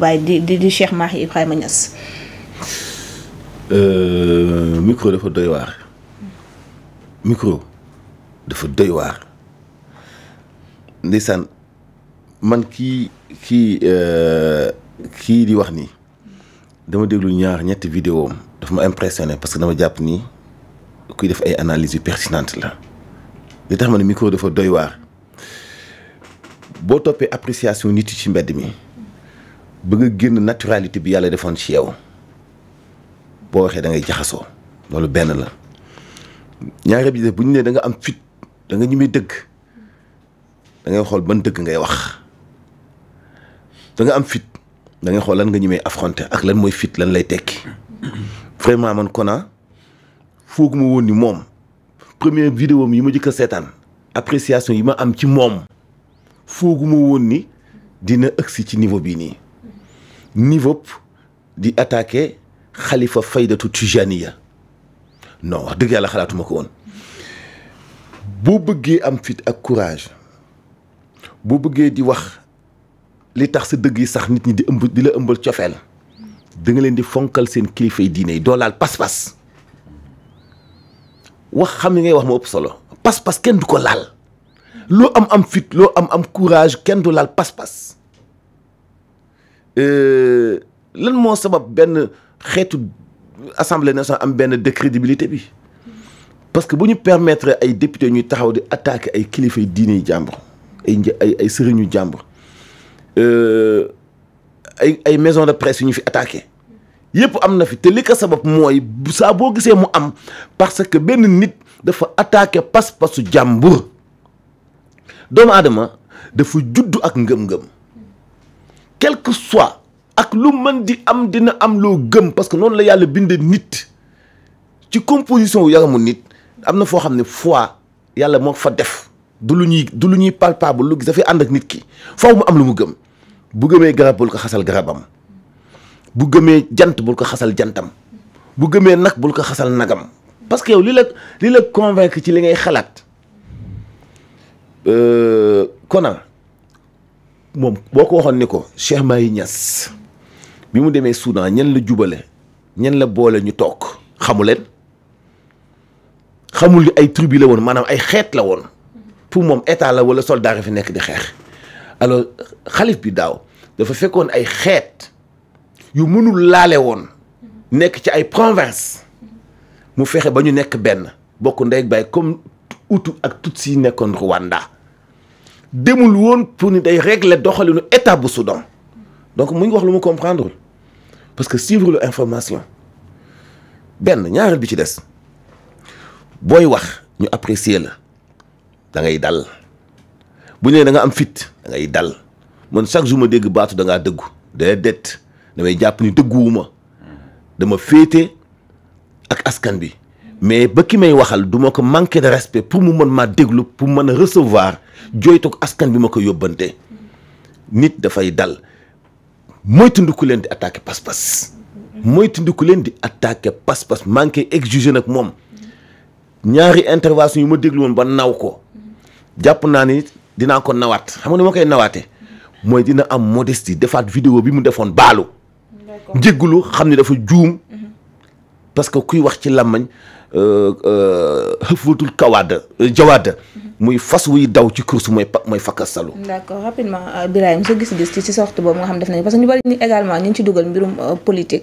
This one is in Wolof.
Baye di di di Cheikh Mahi Ibrahima Niass. Euh, micro dafa doy waar micro dafa doy waar ndeysaan man kii kii euh, kii di wax nii dama déglu ñaar ñetti vidéo am dafa ma impressionné parce que dama jàpp nii kuy def ay analyses yu pertinentes la li tax ma ne micro dafa doy waar boo toppee appréciation nit yi ci mbedd mi. ba nga génn naturalité bi yàlla defoon ci boo waxee da ngay jaxasoo loolu benn la ñaareel bi bu ñu nee da nga am fit da nga ñemee dëgg da ngay xool ban dëgg ngay wax danga am fit da ngay xool lan nga ñemee affronter ak lan mooy fit lan lay tekki vraiment man Kona foog ma woon ni moom première vidéo yi ma jëkk a seetaan appréciation yi ma am ci moom fooguma woon ni dina ëgsi ci niveau bii nii niveau di attaqué xalifa faydatu tijaniya non wax dëgg yàlla xalaatuma ko woon boo bëggee am fit ak courage boo bëggee di wax li tax sa dëgg yi sax nit ñi di ëmb di la ëmbal cofeel da nga leen di fonkal seen kilifay diine yi doolaal pas-pas wax xam ni ngay wax ma ëpp solo pas-pas kenn du ko laal loo am am fit loo am am courage kenn du laal pas-pas Euh, lan moo sabab benn xeetu assemblée nationale am benn décrédibilité bi parce que bu ñu permettre ay député ñuy taxaw di attaquer ay kilifay diine yi jàmbur ay ay sëriñu jàmbur euh, ay ay maison de presse yu ñu fi attaqué yëpp am na fi te li ko sabab mooy saa boo gisee mu am parce que benn nit dafa attaqué pas-pasu jàmbur doomu aadama dafa juddu ak ngëm-ngëm. quelque que soit ak lu man di am dina am loo gëm parce que noonu la yàlla bindee nit ci composition wu yaramu nit am na foo xam ne foi yàlla moo fa def du lu ñuy du lu ñuy palpable lu gis dafay ànd ak nit ki faaw mu am lu mu gëm bu gëmee garab bul ko xasal garabam bu gëmee jant bul ko xasal jantam bu gëmee nag bul ko xasal nagam parce que yow li la li ci li ngay xalaat euh, Kona moom boo ko waxoon ni ko Cheikh yi ñas bi mu demee Soudan ñan la jubale ñan la boole ñu toog xamu leen xamul li ay tribu la woon maanaam ay xeet la woon pour moom état la wala soldat fi nekk di xeex alors xalif bi daaw dafa fekkoon ay xeet yu mënul laale woon nekk ci ay province mu fexe ba ñu nekk benn bokk ndey ak baay comme utu ak tut si nekkoon Rwanda demul woon pour ni day régler doxalinu état bu Soudan donc mu ngi wax lu mu comprendre parce que suivre lu information benn ñaar bi ci des booy wax ñu apprécier la da ngay dal bu ñu da nga am fit da ngay dal man chaque jour ma dégg baatu da ngaa dëggu déedéet damay jàpp ni dëgguwuma dama féete ak askan bi. mais ba ki may waxal duma ko manqué de respect pour mu mën maa déglu pour mën a recevoir ko askan bi ma ko yóbbante nit dafay dal mooy tund ku leen di attaquer pas-pas mooy tund ku leen di attaquer pas-pas manqué exiger nag moom ñaari intervention yu ma déglu woon ba naw ko jàpp naa ni dinaa ko nawaat xam nga ni koy nawaatee mooy dina am modestie defaat vidéo bi mu defoon baalu. jéggulu xam ne dafa juum. parce que kuy wax ci làmmañ euh, euh, xëfwatul kawaada euh, jawaada mhm. muy fas wuy daw ci course mooy mooy fakkastalu d'accord rapidement Birahim sa gis-gis ci ci sorte boobu nga xam def nañu parce que ñu bari ni également ñu ngi ci dugal mbirum politique